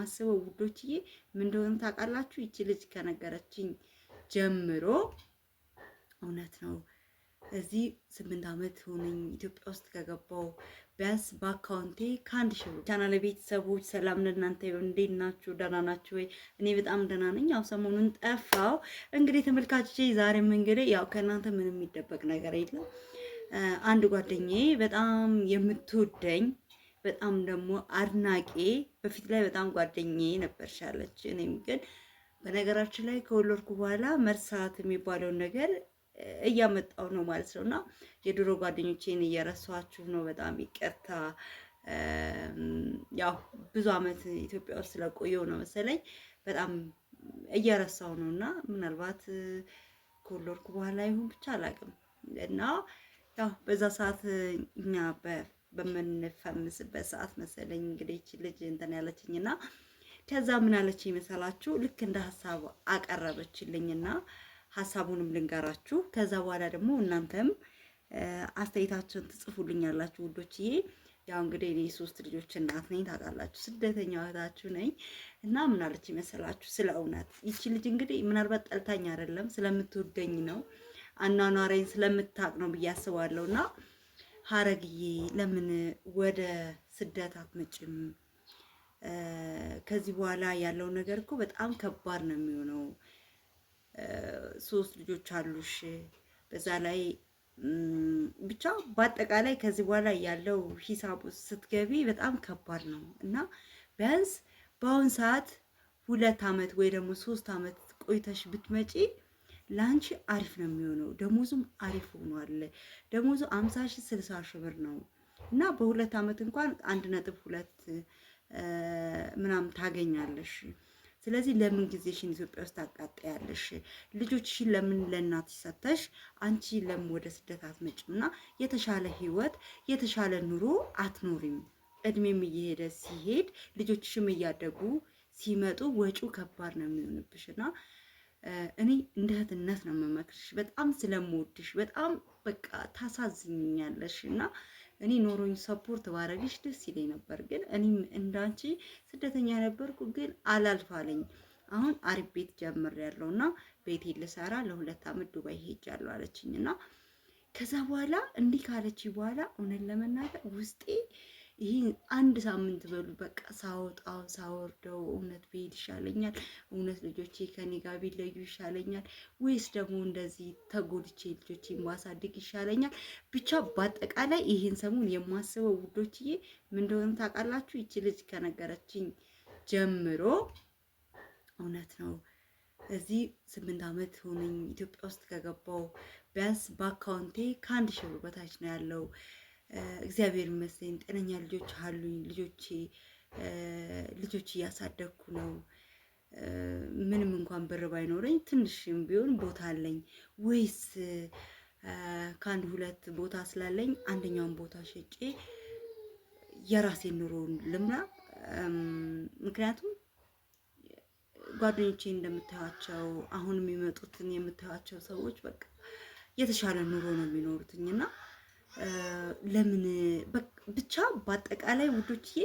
የማስበው ውዶችዬ፣ ምን እንደሆነ ታውቃላችሁ? ይቺ ልጅ ከነገረችኝ ጀምሮ እውነት ነው። እዚህ ስምንት ዓመት ሆነኝ ኢትዮጵያ ውስጥ ከገባው ቢያንስ በአካውንቴ ከአንድ ሺህ ብር ቻናል ቤተሰቦች ሰላም ለእናንተ ይሁን። እንዴት ናችሁ? ደህና ናችሁ ወይ? እኔ በጣም ደህና ነኝ። ያው ሰሞኑን ጠፋው እንግዲህ ተመልካቾቼ፣ ዛሬም እንግዲህ ያው ከእናንተ ምንም የሚደበቅ ነገር የለም። አንድ ጓደኛዬ በጣም የምትወደኝ በጣም ደግሞ አድናቄ በፊት ላይ በጣም ጓደኛዬ ነበርሻለች። እኔም ግን በነገራችን ላይ ከወለድኩ በኋላ መርሳት የሚባለውን ነገር እያመጣው ነው ማለት ነው እና የድሮ ጓደኞቼን እየረሷችሁ ነው። በጣም ይቅርታ። ያው ብዙ አመት ኢትዮጵያ ውስጥ ስለቆየው ነው መሰለኝ በጣም እየረሳው ነው እና ምናልባት ከወለድኩ በኋላ ይሁን ብቻ አላውቅም እና ያው በዛ ሰዓት እኛ በምንፈምስበት ሰዓት መሰለኝ እንግዲህ እቺ ልጅ እንትን ያለችኝና ከዛ ምን አለች ይመስላችሁ? ልክ እንደ ሀሳብ አቀረበችልኝና ሀሳቡንም ልንገራችሁ። ከዛ በኋላ ደግሞ እናንተም አስተያየታችሁን ትጽፉልኛላችሁ ውዶችዬ። ያው እንግዲህ እኔ ሶስት ልጆች እናት ነኝ ታውቃላችሁ፣ ስደተኛ እህታችሁ ነኝ እና ምን አለች ይመስላችሁ? ስለ እውነት ይቺ ልጅ እንግዲህ ምናልባት ጠልታኝ አይደለም ስለምትወደኝ ነው፣ አኗኗሬን ስለምታቅ ነው ብዬ አስባለሁ እና ሀረግዬ ለምን ወደ ስደት አትመጭም? ከዚህ በኋላ ያለው ነገር እኮ በጣም ከባድ ነው የሚሆነው። ሶስት ልጆች አሉሽ፣ በዛ ላይ ብቻ በአጠቃላይ ከዚህ በኋላ ያለው ሂሳብ ስትገቢ በጣም ከባድ ነው እና ቢያንስ በአሁን ሰዓት ሁለት አመት ወይ ደግሞ ሶስት አመት ቆይተሽ ብትመጪ ለአንቺ አሪፍ ነው የሚሆነው። ደሞዙም አሪፍ ሆኗል። ደሞዙ አምሳ ሺ ስልሳ ሺ ብር ነው እና በሁለት ዓመት እንኳን አንድ ነጥብ ሁለት ምናምን ታገኛለሽ። ስለዚህ ለምን ጊዜሽን ኢትዮጵያ ውስጥ ታቃጠያለሽ? ልጆችሽን ለምን ለእናት ሰተሽ አንቺ ለምን ወደ ስደት አትመጭም? እና የተሻለ ህይወት የተሻለ ኑሮ አትኖሪም? እድሜም እየሄደ ሲሄድ ልጆችሽም እያደጉ ሲመጡ ወጪው ከባድ ነው የሚሆንብሽ እና እኔ እንደ እህትነት ነው የምመክርሽ። በጣም ስለምወድሽ በጣም በቃ ታሳዝኛለሽ እና እኔ ኖሮኝ ሰፖርት ባረግሽ ደስ ይለኝ ነበር። ግን እኔም እንዳንቺ ስደተኛ ነበርኩ፣ ግን አላልፋለኝ። አሁን አሪፍ ቤት ጀምር ያለው እና ቤቴ ልሰራ ለሁለት ዓመት ዱባይ ሄጃለሁ አለችኝ እና ከዛ በኋላ እንዲህ ካለች በኋላ እውነት ለመናገር ውስጤ ይህን አንድ ሳምንት በሉ በቃ ሳወጣው ሳወርደው እውነት ብሄድ ይሻለኛል፣ እውነት ልጆቼ ከኔ ጋር ቢለዩ ይሻለኛል፣ ወይስ ደግሞ እንደዚህ ተጎድቼ ልጆቼ ማሳድግ ይሻለኛል? ብቻ በአጠቃላይ ይህን ሰሞን የማስበው ውዶችዬ ምን እንደሆነ ታውቃላችሁ? ይቺ ልጅ ከነገረችኝ ጀምሮ እውነት ነው። እዚህ ስምንት ዓመት ሆነኝ ኢትዮጵያ ውስጥ ከገባው ቢያንስ በአካውንቴ ከአንድ ሺህ ብር በታች ነው ያለው እግዚአብሔር ይመስገን ጤነኛ ልጆች አሉኝ። ልጆቼ ልጆች እያሳደግኩ ነው። ምንም እንኳን ብር ባይኖረኝ ትንሽም ቢሆን ቦታ አለኝ ወይስ ከአንድ ሁለት ቦታ ስላለኝ አንደኛውን ቦታ ሸጬ የራሴን ኑሮውን ልምራ። ምክንያቱም ጓደኞቼ እንደምታዩቸው አሁን የሚመጡትን የምታዩቸው ሰዎች በቃ የተሻለ ኑሮ ነው የሚኖሩትኝ እና ለምን ብቻ በአጠቃላይ ውዶችዬ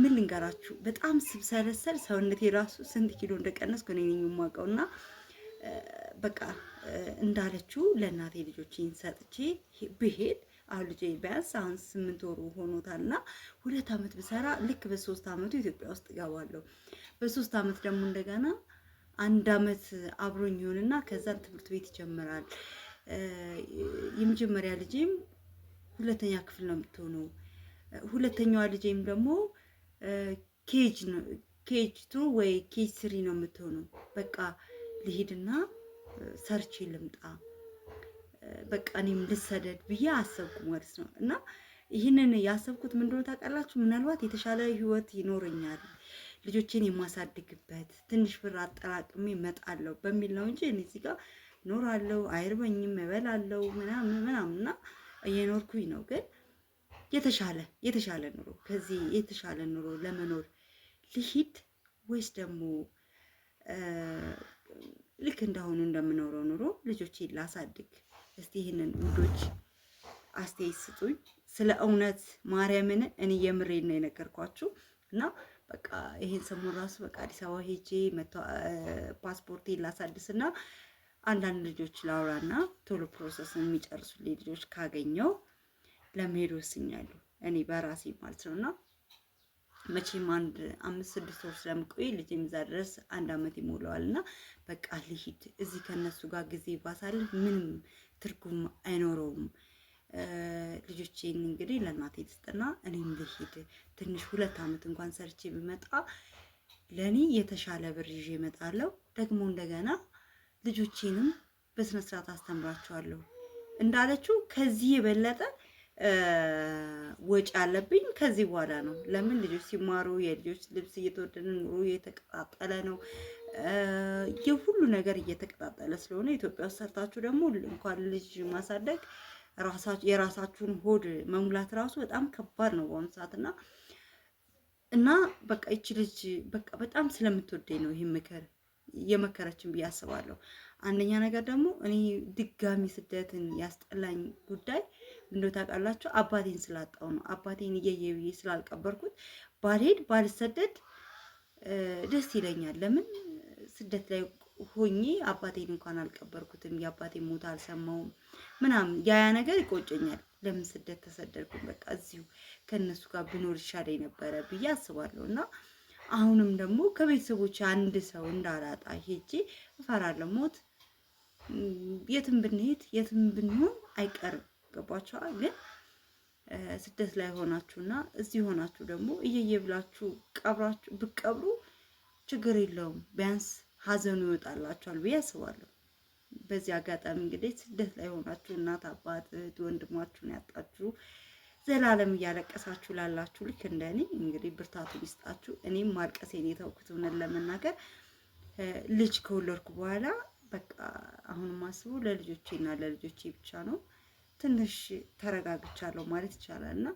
ምን ልንገራችሁ፣ በጣም ስብሰለሰል ሰውነቴ ራሱ ስንት ኪሎ እንደቀነስኩ እኔ የማውቀው። እና በቃ እንዳለችው ለእናቴ ልጆች ሰጥቼ ብሄድ አሁን ልጄ ቢያንስ አሁን ስምንት ወሩ ሆኖታል እና ሁለት ዓመት ብሰራ ልክ በሶስት ዓመቱ ኢትዮጵያ ውስጥ እገባለሁ። በሶስት ዓመት ደግሞ እንደገና አንድ ዓመት አብሮኝ ይሆንና ከዛን ትምህርት ቤት ይጀምራል። የመጀመሪያ ልጄም ሁለተኛ ክፍል ነው የምትሆነው። ሁለተኛዋ ልጄም ደግሞ ኬጅ ኬጅ ቱ ወይ ኬጅ ስሪ ነው የምትሆነው። በቃ ልሂድና ሰርቼ ልምጣ፣ በቃ እኔም ልሰደድ ብዬ አሰብኩ ማለት ነው። እና ይህንን ያሰብኩት ምንድነው ታውቃላችሁ? ምናልባት የተሻለ ህይወት ይኖረኛል ልጆቼን የማሳድግበት ትንሽ ብር አጠራቅሜ እመጣለሁ በሚል ነው እንጂ እኔ እዚህ ጋር ኖራለሁ፣ አይርበኝም፣ እበላለሁ ምናምን ምናምን እና እየኖርኩኝ ነው። ግን የተሻለ የተሻለ ኑሮ ከዚህ የተሻለ ኑሮ ለመኖር ልሂድ ወይስ ደግሞ ልክ እንዳሁኑ እንደምኖረው ኑሮ ልጆቼ ላሳድግ? እስቲ ይህንን ውዶች አስተያየት ስጡኝ። ስለ እውነት ማርያምን እኔ የምሬን ነው የነገርኳችሁ እና በቃ ይሄን ሰሞን ራሱ በቃ አዲስ አበባ ሄጄ ፓስፖርቴን ላሳድስና አንዳንድ ልጆች ላውራና ቶሎ ፕሮሰስ የሚጨርሱ ልጆች ካገኘው ለመሄድ ወስኛለሁ። እኔ በራሴ ማለት ነው እና መቼም አንድ አምስት ስድስት ወር ስለምቆይ ልጄም እዛ ድረስ አንድ አመት ይሞላዋል እና በቃ ልሂድ። እዚህ ከነሱ ጋር ጊዜ ባሳልፍ ምንም ትርጉም አይኖረውም። ልጆቼን እንግዲህ ለእናቴ ልስጥና እኔም ልሂድ። ትንሽ ሁለት አመት እንኳን ሰርቼ ብመጣ ለእኔ የተሻለ ብር ይዤ እመጣለሁ። ደግሞ እንደገና ልጆቼንም በስነ ስርዓት አስተምራቸዋለሁ እንዳለችው ከዚህ የበለጠ ወጪ አለብኝ ከዚህ በኋላ ነው። ለምን ልጆች ሲማሩ የልጆች ልብስ እየተወደደ ኑሮ እየተቀጣጠለ ነው። የሁሉ ነገር እየተቀጣጠለ ስለሆነ ኢትዮጵያ ውስጥ ሰርታችሁ ደግሞ እንኳን ልጅ ማሳደግ የራሳችሁን ሆድ መሙላት ራሱ በጣም ከባድ ነው በአሁኑ ሰዓት እና እና በቃ ይቺ ልጅ በቃ በጣም ስለምትወደኝ ነው ይህ ምክር የመከረችን ብዬ አስባለሁ። አንደኛ ነገር ደግሞ እኔ ድጋሚ ስደትን ያስጠላኝ ጉዳይ እንደው ታውቃላችሁ አባቴን ስላጣው ነው። አባቴን እየየ ብዬ ስላልቀበርኩት ባልሄድ ባልሰደድ ደስ ይለኛል። ለምን ስደት ላይ ሆኜ አባቴን እንኳን አልቀበርኩትም፣ የአባቴን ሞት አልሰማውም ምናምን ያያ ነገር ይቆጨኛል። ለምን ስደት ተሰደድኩኝ? በቃ እዚሁ ከእነሱ ጋር ብኖር ይሻለኝ ነበረ ብዬ አስባለሁ እና አሁንም ደግሞ ከቤተሰቦች አንድ ሰው እንዳላጣ ሄጄ እፈራለሁ። ሞት የትም ብንሄድ የትም ብንሆን አይቀርም። ገባችኋል? ግን ስደት ላይ ሆናችሁና እዚህ ሆናችሁ ደግሞ እየየ ብላችሁ ቀብራችሁ ብቀብሩ ችግር የለውም። ቢያንስ ሀዘኑ ይወጣላችኋል ብዬ አስባለሁ። በዚህ አጋጣሚ እንግዲህ ስደት ላይ ሆናችሁ እናት አባት፣ እህት ወንድማችሁን ያጣችሁ ዘላለም እያለቀሳችሁ ላላችሁ ልክ እንደ እኔ እንግዲህ ብርታቱ ይስጣችሁ። እኔም ማልቀሴን የተውኩት እውነት ለመናገር ልጅ ከወለድኩ በኋላ በቃ አሁን ማስቡ ለልጆቼ ለልጆቼና ለልጆቼ ብቻ ነው። ትንሽ ተረጋግቻለሁ ማለት ይቻላል እና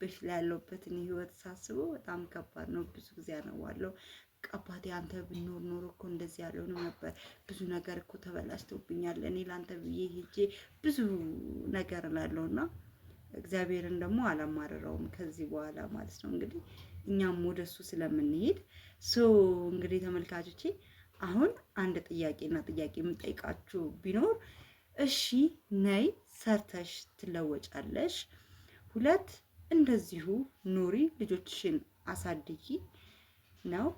በፊት ላይ ያለሁበትን ህይወት ሳስቡ በጣም ከባድ ነው። ብዙ ጊዜ ያነዋለሁ። አባቴ አንተ ብኖር ኖሮ እኮ እንደዚህ ያልሆነው ነበር፣ ብዙ ነገር እኮ ተበላሽቶብኛል፣ እኔ ለአንተ ብዬ ሄጄ ብዙ ነገር እላለሁ እና እግዚአብሔርን ደግሞ አላማረረውም ከዚህ በኋላ ማለት ነው። እንግዲህ እኛም ወደ እሱ ስለምንሄድ እንግዲህ ተመልካቾቼ አሁን አንድ ጥያቄና ጥያቄ የምጠይቃችሁ ቢኖር እሺ ነይ ሰርተሽ ትለወጫለሽ፣ ሁለት እንደዚሁ ኑሪ ልጆችሽን አሳድጊ ነው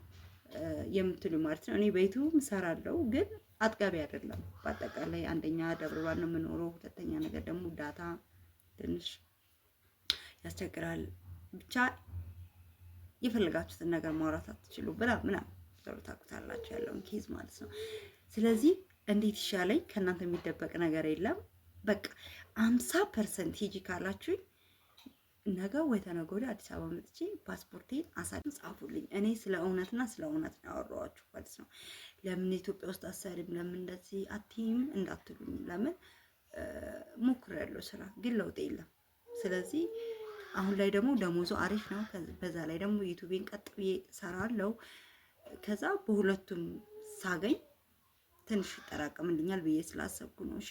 የምትሉ ማለት ነው። እኔ ቤቱ ምሰራለው ግን አጥጋቢ አይደለም። በአጠቃላይ አንደኛ ደብረ ብርሃን ነው የምኖረው፣ ሁለተኛ ነገር ደግሞ ዳታ ትንሽ ያስቸግራል። ብቻ የፈለጋችሁትን ነገር ማውራት አትችሉ ብላ ምናምን ብሎ ታቁታላችሁ ያለውን ኬዝ ማለት ነው። ስለዚህ እንዴት ይሻለኝ ከእናንተ የሚደበቅ ነገር የለም። በቃ አምሳ ፐርሰንት ሂጂ ካላችሁኝ ነገ ወይ ተነገ ወዲያ አዲስ አበባ መጥቼ ፓስፖርቴን አሳ ጻፉልኝ። እኔ ስለ እውነትና ስለ እውነት ነው ያወራኋችሁ ማለት ነው። ለምን ኢትዮጵያ ውስጥ አሰሪም ለምን እንደዚህ አትይም እንዳትሉኝ። ለምን ያለው ስራ ግን ለውጥ የለም። ስለዚህ አሁን ላይ ደግሞ ደሞዙ አሪፍ ነው። በዛ ላይ ደግሞ ዩቱቤን ቀጥ ብዬ ሰራለው። ከዛ በሁለቱም ሳገኝ ትንሽ ይጠራቀምልኛል ብዬ ስላሰብኩ ነው። እሺ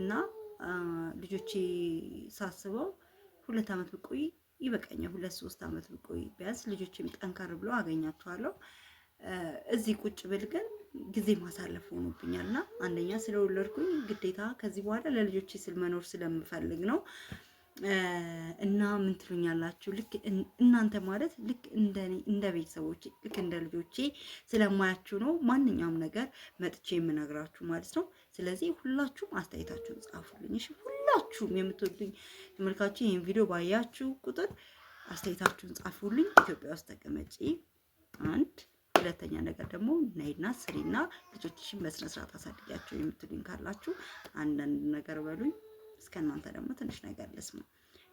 እና ልጆቼ ሳስበው ሁለት ዓመት ብቆይ ይበቃኛል። ሁለት ሶስት አመት ብቆይ ቢያንስ ልጆችም ጠንከር ብሎ አገኛቸዋለሁ። እዚህ ቁጭ ብል ግን ጊዜ ማሳለፍ ሆኖብኛል እና አንደኛ ስለወለድኩኝ ግዴታ ከዚህ በኋላ ለልጆቼ ስል መኖር ስለምፈልግ ነው። እና ምን ትሉኛላችሁ? ልክ እናንተ ማለት ልክ እንደ እንደ ቤተሰቦቼ ልክ እንደ ልጆቼ ስለማያችሁ ነው ማንኛውም ነገር መጥቼ የምነግራችሁ ማለት ነው። ስለዚህ ሁላችሁም አስተያየታችሁን ጻፉልኝ። እሺ፣ ሁላችሁም የምትወዱኝ ተመልካችሁ ይህን ቪዲዮ ባያችሁ ቁጥር አስተያየታችሁን ጻፉልኝ። ኢትዮጵያ ውስጥ ተቀመጪ አንድ ሁለተኛ ነገር ደግሞ ነይና ስሪና ልጆችሽን በስነስርዓት አሳድጊያቸው የምትሉኝ ካላችሁ አንዳንድ ነገር በሉኝ። እስከእናንተ ደግሞ ትንሽ ነገር ልስማ።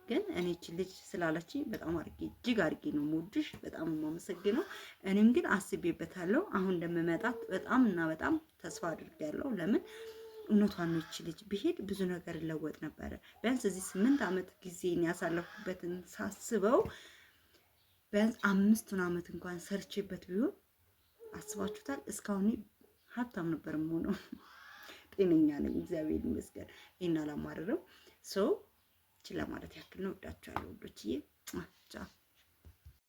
ግን እኔች ልጅ ስላለች በጣም አድርጌ እጅግ አድርጌ ነው የምወድሽ፣ በጣም የማመሰግነው። እኔም ግን አስቤበታለሁ። አሁን እንደምመጣት በጣም እና በጣም ተስፋ አድርጌያለሁ። ለምን እውነቷን ነው። እቺ ልጅ ብሄድ ብዙ ነገር እለወጥ ነበረ። ቢያንስ እዚህ ስምንት ዓመት ጊዜን ያሳለፉበትን ሳስበው ቢያንስ አምስቱን ዓመት እንኳን ሰርቼበት ቢሆን አስባችሁታል? እስካሁን ሀብታም ነበር የምሆነው። ጤነኛ ነኝ፣ እግዚአብሔር ይመስገን። ይህን አላማረረም ሰው ችላ ማለት ያክል ነው። ወዳችኋለሁ ውዶችዬ።